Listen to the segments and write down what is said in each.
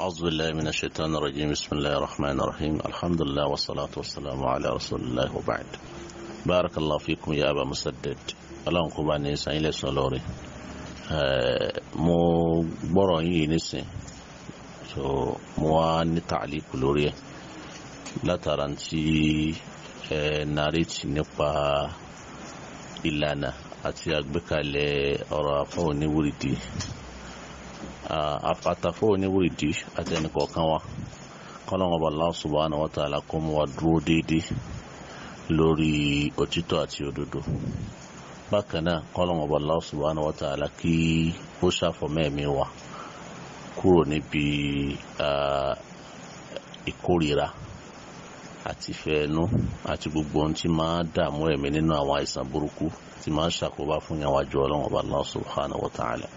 أعوذ بالله من الشيطان الرجيم بسم الله الرحمن الرحيم الحمد لله والصلاة والسلام على رسول الله وبعد بارك الله فيكم يا أبا مسدد ọlọ́run kó bá ní sàn ilé sàn lórí eh, mo gbọ́rọ̀ yìí nísìn so mo wá ní tàlíkù lórí ẹ̀ látara tí ẹ eh, nàrètì nípa ìlànà àti àgbékalẹ̀ ọ̀rọ̀ afọ́ oníwúrìdì àfàtàfọ́ oníwìrìdì àtẹnìkọ̀ọ̀kan wa kọ́lọ́wọ́n bá Allah subhanahu wa ta'ala kó mú wa dúró déédéé lórí òtítọ́ àti òdodo bákan náà kọ́lọ́wọ́n bá Allah subhanahu wa ta'ala kí ó ṣàfọ̀mẹ́ẹ̀mí wa kúrò níbi ìkórira àti fẹ́ẹ́nú àti gbogbo ohun tí máa dààmú ẹ̀mí nínú àwọn àìsàn burúkú tí máa ń ṣàkóbá fún yàwájú ọlọ́wọ́n bá Allah subhanahu wa ta'ala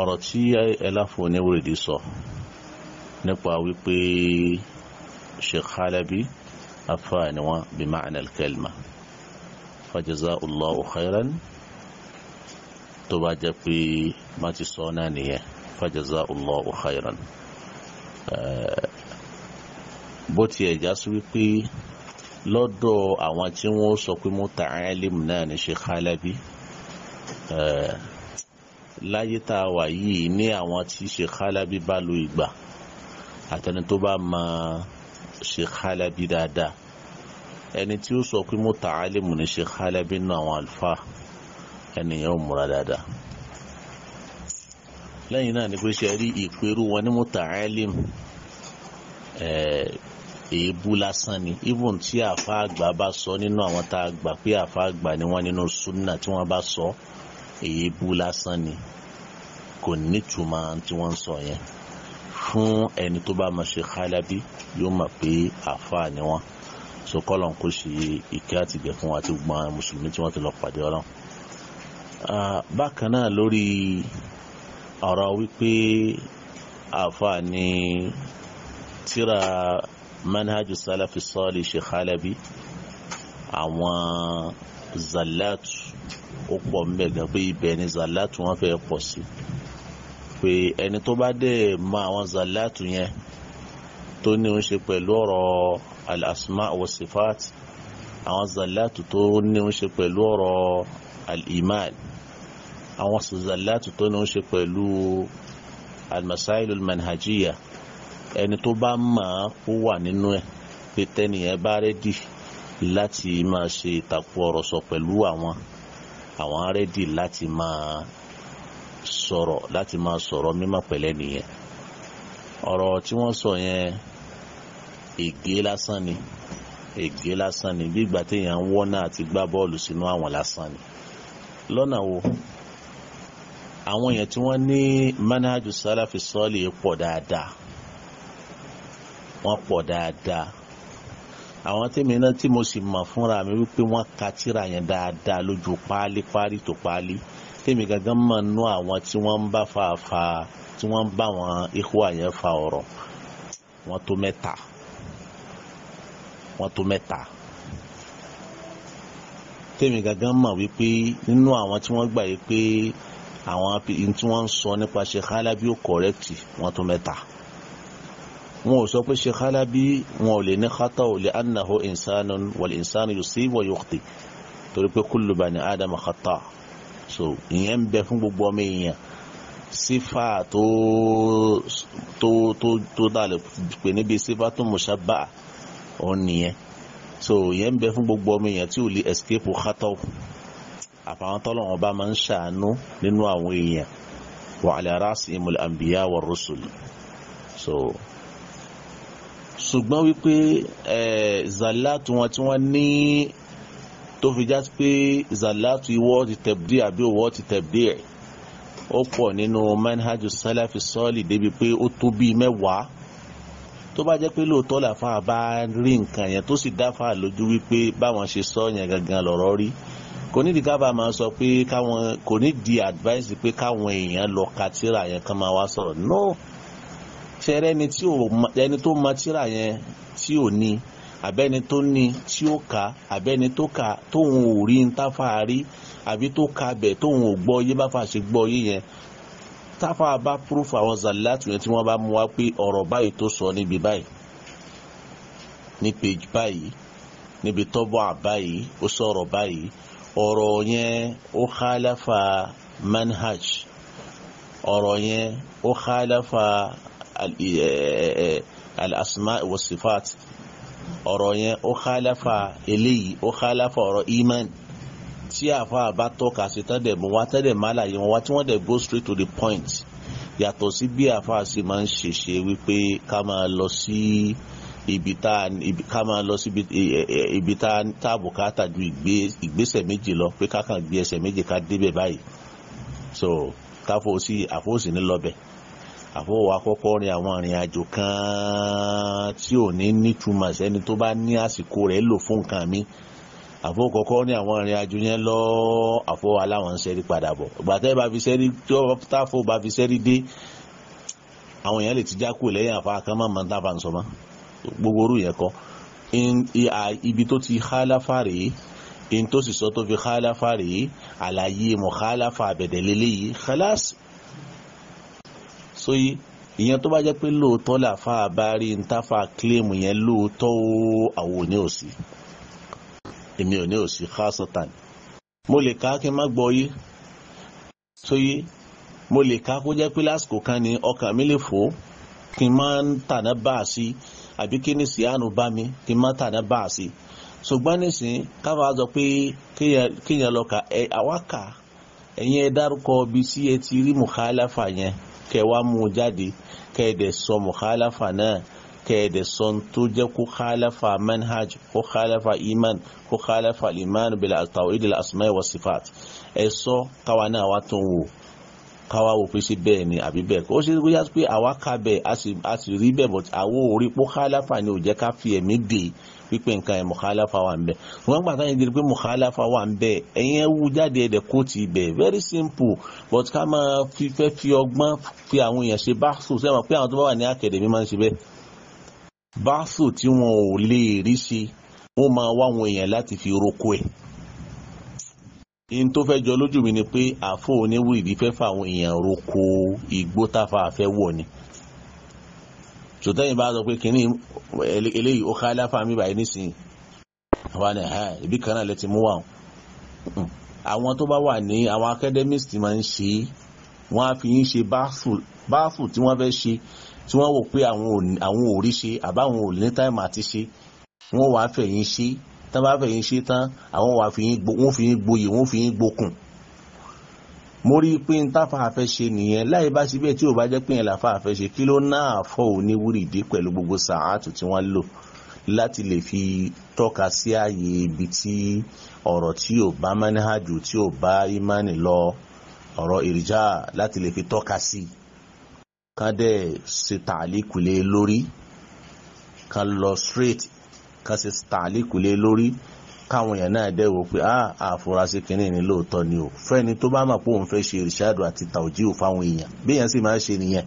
ọ̀rọ̀ tí ẹláfò oníwèrèdì sọ nípa wípé Sheikh Halabi afáàní wọn bí ma'ana al-kalima fajaza'ullahu khairan tó bá jẹ́ pé má ti sọ náà nìyẹn fajaza'ullahu khairan bó tiẹ̀ já sí wípé lọ́dọ̀ àwọn tí wọ́n sọ pé muta'alim náà ni Sheikh Halabi láyé tá a wà yìí ní àwọn tí Sheikh Halabi bá lo ìgbà àtẹni tó bá mọ Sheikh Halabi dáadáa ẹni tí ó sọ pé mo ta alimu ní Sheikh Halabi nínú àwọn alfa ẹnìyẹn ò múra dáadáa lẹ́yìn náà ni pé ṣe rí ìpérú wọn ní mo ta alimu èébú lásán ni even tí àfa àgbà bá sọ nínú àwọn tá a gbà pé àfa àgbà ni wọ́n nínú sunna tí wọ́n bá sọ. So, èébú lásán ni kò nítumọ̀ tí wọ́n ń sọ yẹn fún ẹni tó bá mọ̀ ṣe Halabi yóò mọ̀ pé àfa ni wọ́n so kọ́lọ̀ kò ṣe ìkẹ́ àtìgbẹ́ fún wa tí gbọ́n mùsùlùmí tí wọ́n ti lọ pàdé ọlọ́run. bákan náà lórí ọ̀rọ̀ wípé àfa ni tíra manhaj salafi sọ́ọ̀lì ṣe Halabi àwọn zalatu ó pọ̀ ń bẹ̀ gan pé ibẹ̀ ni zàlátù wọn fẹ́ pọ̀ sí pé ẹni tó bá dẹ̀ mọ àwọn zàlátù yẹn tó ní ń ṣe pẹ̀lú ọ̀rọ̀ al-asma wa sifat àwọn zàlátù tó ní ń ṣe pẹ̀lú ọ̀rọ̀ al-iman àwọn zàlátù tó ní ń ṣe pẹ̀lú al manhajiya ẹni tó bá mọ̀ ó wà nínú ẹ̀ pé tẹ́nìyẹn bá rẹ́dì láti máa ṣe ìtàkùrọ̀sọ pẹ̀lú àwọn àwọn rẹ́dì láti máa sọ̀rọ̀ láti máa sọ̀rọ̀ mímọ́ pẹ̀lẹ́ nìyẹn ọ̀rọ̀ tí wọ́n sọ yẹn ègé lásán ni ègé lásán ni bí ìgbà téèyàn ń wọ́nà àti gbá bọ́ọ̀lù sínú àwọn lásán ni lọ́nà wo àwọn yẹn tí wọ́n ní manhajus salafi sọ́ọ̀lì pọ̀ dáadáa wọ́n pọ̀ dáadáa àwọn tèmi náà tí mo sì mọ̀ fúnra mi wípé wọ́n ka tírà yẹn dáadáa lójú páálí páálí tó páálí tèmi gangan mọ̀ nú àwọn tí wọ́n ń bá fàáfà tí wọ́n ń bá wọn ikú àyẹ̀ fa ọ̀rọ̀ wọ́n tó mẹ́ta wọ́n tó mẹ́ta tèmi gangan mọ̀ wípé nínú àwọn tí wọ́n gbà yìí pé àwọn tí wọ́n ń sọ nípa Sheikh Halabi ó wọ́n tó mẹ́ta wọn ò sọ pé ṣe Halabi wọn ò lè ní xata ò lè annahu insanun wal insanu yusib wa yukhti torí pé kullu bani adam xata so ìyẹn ń bẹ fún gbogbo ọmọ èèyàn sífà tó tó tó tó dàlẹ pè níbi sífà tó mushabba òun nìyẹn so ìyẹn ń bẹ fún gbogbo ọmọ èèyàn tí ò lè escape xata àfàwọn tọ́lọ́wọ́n bá máa ń ṣàánú nínú àwọn èèyàn wa ala ra'si imul anbiya so ṣùgbọ́n wípé zalatu wọn tí wọ́n ní tó fi já sí pé zalatu ìwọ́ ti tẹ̀bdí àbí òwọ́ ti tẹ̀bdí ẹ̀ ó pọ̀ nínú manhaju salafi sọ́ọ̀lì débi pé ó tó bíi mẹ́wàá tó bá jẹ́ pé lóòótọ́ làfa bá rí nǹkan yẹn tó sì dáfà lójú wípé báwọn ṣe sọ yẹn gangan lọ̀rọ̀ rí kò nídìí ká máa sọ pé káwọn kò nídìí advice pé káwọn èèyàn lọ ka tírà yẹn kán máa wá sọ̀rọ̀ no ṣẹrẹ ẹni tí ò ẹni tó mọ tírà yẹn tí ò ní àbẹ́ni tó ní tí ó kà àbẹ́ni tó kà tóun ò rí ń táfà rí àbí tó ka bẹ̀ tóun ò gbọ́ yé bá fà ṣe gbọ́ yé yẹn táfà bá púrúfù àwọn zàlátù yẹn tí wọ́n bá mú wá pé ọ̀rọ̀ báyìí tó sọ níbi báyìí ní page báyìí níbi tọ́bọ̀ àbáyìí ó sọ̀rọ̀ báyìí ọ̀rọ̀ yẹn ó khalafa manhaj ọ̀rọ̀ yẹn ó khalafa al-asma wa sifat ọ̀rọ̀ yẹn ó khalafa eléyìí ó khalafa ọ̀rọ̀ iman tí àfa bá tọ́ka sí tẹ́lẹ̀ mú wá tẹ́lẹ̀ má láyé wọn wá tí wọ́n dẹ̀ go straight to the point yàtọ̀ sí bí àfa sì máa ń ṣèṣe wípé ká máa lọ sí ibi tá ká máa lọ sí ibi tá tá bùkátà ju ìgbésẹ̀ méjì lọ pé ká kàn gbé ẹsẹ̀ méjì ká débẹ̀ báyìí so káfọ́ sí àfọ́sí ní lọ́bẹ̀ẹ́ àfọwọ́ akọ́kọ́ rin àwọn arìnrìn àjò kan tí ò ní nítumọ̀ sẹ́ni tó bá ní àsìkò rẹ̀ lò fún nǹkan mi àfọwọ́ kọ́kọ́ ní àwọn arìnrìn àjò yẹn lọ àfọwọ́ aláwọn ń sẹ́rí padà bọ̀ ìgbà tẹ́ bá fi sẹ́rí tí táfọ́ bá fi sẹ́rí dé àwọn èèyàn lè ti já kúrò lẹ́yìn àfa kan máa máa ń tábà ń sọ mọ́ gbogbo orú yẹn kọ́ ibi tó ti hálàfà rèé in tó sì sọ tó fi hálàfà rèé àlàyé mọ̀ hálàfà àbẹ̀dẹ̀ lélẹ́yìí sóyí ìyẹn tó bá jẹ́ pé lóòótọ́ làfa àbárí ntafa kílèmù yẹn lóòótọ́ ó àwọn òní òsì èmi òní òsì khasatan mo lè ká kí n má gbọ́ yí sóyí mo lè ká kó jẹ́ pé lásìkò kan ní ọkàn mi lè fò kí n má tàná bá a sí àbí kí ní síánù bá mi kí n má tàná bá a sí ṣùgbọ́n nísìnyí káfà sọ pé kéèyàn lọ kà ẹ àwa kà ẹ̀yin ẹ dárúkọ ibi tí ẹ ti rí mùkálàfà yẹn kẹ wá mú jáde kẹ ẹ dẹ̀ sọ mukhalafa náà kẹ ẹ dẹ̀ sọ tó jẹ́ kó khalafa manhaj kó khalafa iman kó khalafa iman bil tawhid al asma wa sifat ẹ sọ káwa náà wá tó ń wò káwa wò pé ṣe bẹ́ẹ̀ ni àbí bẹ́ẹ̀ kó ṣe kó yá pé àwa ká bẹ́ẹ̀ a sì rí bẹ́ẹ̀ bọ̀ àwo orí pó khalafa ni ò jẹ́ ká fi ẹ̀mí dè é wípé nǹkan ẹ̀ mukhalafa wà ń bẹ̀ ṣùgbọ́n gbàtà yẹn dirí pé mukhalafa wà ń bẹ̀ ẹ̀yẹn wú jáde ẹ̀dẹ̀ kó ti very simple but ká máa fífẹ́ fi ọgbọ́n fi àwọn èèyàn ṣe bá sùn sẹ́wọ̀n pé àwọn tó bá wà ní akademi máa ń ṣe bẹ́ẹ̀ bá tí wọn ò lè rí ṣe wọ́n máa wá àwọn èèyàn láti fi roko ẹ̀ in tó fẹ́ jọ lójú mi ni pé àfọ̀ oníwìrì fẹ́ fà àwọn èèyàn roko igbó táfà fẹ́ wọ̀ ni sòtẹ́yìn bá sọ pé kínní eléyìí ó ká láfa mi báyìí nísìnyí àwọn ni ẹ̀ ibi kan náà lè ti mú wà ó hmm. àwọn tó bá wà ní àwọn academics ti máa ń ṣe wọ́n á fi yín ṣe báàfù tí wọ́n fẹ́ ṣe tí wọ́n wò pé àwọn ò rí ṣe àbáwọn ò ní táìmù àti ṣe wọ́n wàá fẹ̀yìn ṣe tán bá fẹ̀yìn ṣe tán àwọn wàá fi yín gboyè wọ́n fi yín gbókùn mo rí i pé n táfa àfẹ́ ṣe nìyẹn láì bá síbẹ̀ tí ò bá jẹ́ pé yẹn làfa àfẹ́ ṣe kí ló náà àfọ́ òní wúrìdí pẹ̀lú gbogbo sàátù tí wọ́n lò láti lè fi tọ́ka sí ààyè ibi tí ọ̀rọ̀ tí ò bá mánihàjù tí ò bá ìmánì lọ ọ̀rọ̀ ìrìjà láti lè fi tọ́ka sí ká dẹ̀ ṣe tàlíkùlé lórí ká lọ straight ká ṣe tàlíkùlé lórí káwọn èèyàn náà dẹ̀ wò pé ah, àfúrásì kìíní ni lóòótọ́ ni o fẹ́ni tó bá mọ̀ pé òun fẹ́ ṣe ìrìṣàdù àti tàwùjíù fáwọn èèyàn bí èèyàn sì máa ń ṣe nìyẹn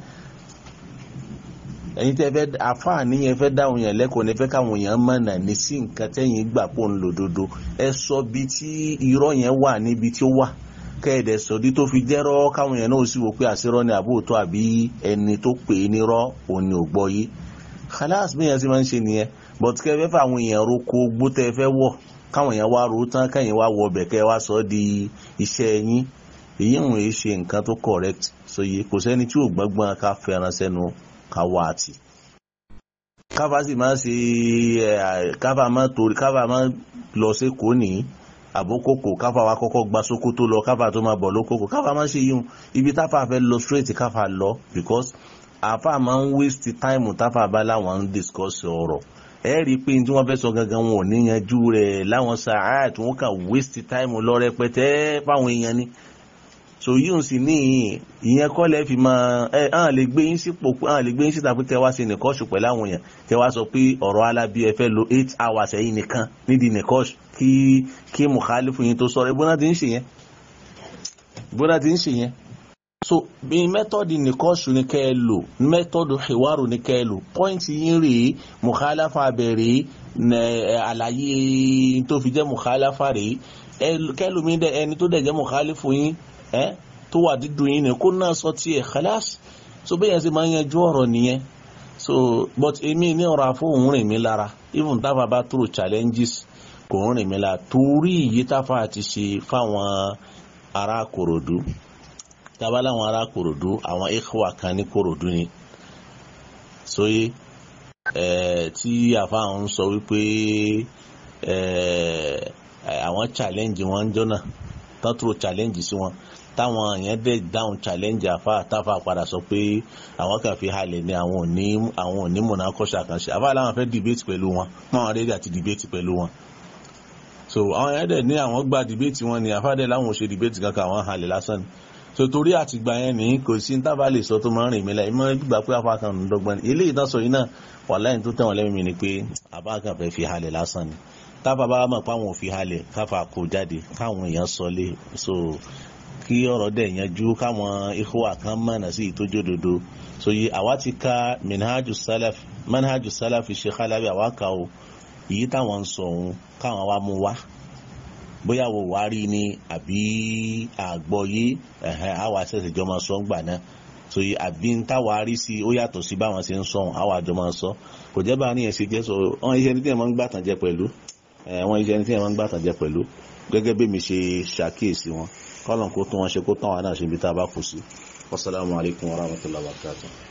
ẹ̀yin tẹ́ fẹ́ àfààní yẹn fẹ́ dáhùn yẹn lẹ́kọ̀ọ́ ní fẹ́ káwọn èèyàn mọ̀nà ní sí nǹkan tẹ́yìn gbà pò ń lò dodo ẹ sọ bí tí irọ́ yẹn wà níbi tí ó wà kẹ́ẹ̀dẹ̀ sọ̀dí tó fi jẹ́rọ́ káwọn èèyàn náà sì wò pé àṣírọ́ ni àbóòtọ́ àbí ẹni tó pè é nírọ́ òun ni ò gbọ́ yìí khalas bí yẹn sì máa ń ṣe nìyẹn but kẹ́ fà àwọn èèyàn roko gbó fẹ́ wọ̀ káwọn èèyàn wá ro tán káyìn wá wọ ọbẹ̀ kẹ́ wá sọ di iṣẹ́ yín èyí ń wòye ṣe nǹkan tó correct sóye kò sẹ́ni tí ò gbọ́ngbọ́n ká fẹ́ràn sẹ́nu ká wá àti. káfà sì máa ṣe káfà máa torí káfà máa lọ sí kò ní àbókòkò káfà wa kọ́kọ́ gba Sókótó lọ káfà tó máa bọ̀ lókòkò káfà máa ṣe yíyún ibi táfà fẹ́ lọ straight káfà lọ because àfà máa ń waste time táfà bá láwọn ń discuss ọ̀rọ̀ ẹ rí i pé tí wọ́n fẹ́ sọ gangan wọn ò ní yanjú rẹ̀ láwọn sàárà tí wọ́n kà waste time lọ rẹpẹtẹ fáwọn èèyàn ni so yìí ń sì ní ìyẹn kọ́ lẹ́ fi máa ẹ hàn lè gbé yín sípò hàn lè gbé yín síta pé tẹ wá sí nìkọ́ṣù pẹ̀lú àwọn èèyàn tẹ wá sọ pé ọ̀rọ̀ alábí ẹ fẹ́ lo eight hours ẹ̀yìn nìkan nídìí nìkọ́ṣù kí kí muhalifu yín tó sọ̀rọ̀ ìbúná ti ń ṣe yẹn ìbúná ti ń ṣe yẹn so bí mẹ́tọ́dì nìkọ́ṣù ni kẹ́ ẹ lò mẹ́tọ́dì hiwaru ni kẹ́ ẹ lò pọ́ìntì yín rèé mukhalafa bẹ̀rẹ̀ àlàyé tó fi jẹ́ mukhalafa rèé kẹ́lùmí dẹ ẹni tó dẹ̀ jẹ́ mukhalifu yín ẹ́ tó wà dídùn yín ni kó náà sọ tiẹ̀ khalas so bẹ́ẹ̀ yẹn sì máa ń yanjú so but èmi ní ọ̀rọ̀ àfọ̀hún rìn mí lára even táfà bá through challenges kò ń rìn mí lára torí ìyí táfà ti ṣe fáwọn ará Kòròdú tábà láwọn ará kòròdú àwọn ikhwa kan ní kòròdú ni sóyè ẹ eh, tí àfáà sọ wípé ẹ eh, àwọn challenge wọn jọ́nà tán challenge sí wọn táwọn yẹn dẹ̀ dáhùn challenge àfáà táfà padà sọ pé àwọn kan fi halẹ̀ ni àwọn ò ní àwọn ò ní mọ̀nà akọ́ṣe àkànṣe àfáà làwọn fẹ́ debate pẹ̀lú wọn máwọn rédíò àti debate pẹ̀lú wọn so àwọn yẹn dẹ̀ ní àwọn gba debate wọn ni àfáà dẹ̀ làwọn ò ṣe debate kankan àwọn halẹ̀ lásán ni so torí àtìgbà yẹn ní kò sí ní tábà lè sọ tó máa ń rìn mí lẹ́yìn mọ́ gbígbà pé apá ń dọ́gbọ́n ni eléyìí tó sọ yìí náà wà lẹ́yìn tó tẹ̀wọ̀n lẹ́yìn mi ni pé apá kan fẹ́ fi halẹ̀ lásán ni tábà bá mọ̀ pé àwọn ò fi halẹ̀ káfà kó jáde káwọn èèyàn sọlé so kí ọ̀rọ̀ dẹ̀ yanjú káwọn ikhwa kan mọ̀nà sí ìtójú òdodo so yìí àwa ti ka minhaju salaf manhaju salaf Sheikh Halabi àwa kà o èyí táwọn ń sọ òun káwọn bóyá wò wá rí ni àbí àgbọ́yé àwa ṣẹ̀ṣẹ̀ jọ máa sọ ń gbà náà so àbí ń táwa rí sí ó yàtọ̀ sí báwọn ṣe ń sọ ohun àwa jọ máa sọ kò jẹ́ bá ní ẹ̀sìn jẹ́ sọ wọn iṣẹ́ ní tí wọ́n ń gbà tàn jẹ pẹ̀lú wọn iṣẹ́ ní tí wọ́n ń gbà jẹ pẹ̀lú gẹ́gẹ́ bí mi ṣe ṣàkíyèsí wọn kọ́lọ̀ kó tún wọn ṣe kó tán wa náà ṣe ibi tá a bá kù sí wasalaamualeykum wa wa barakatuh.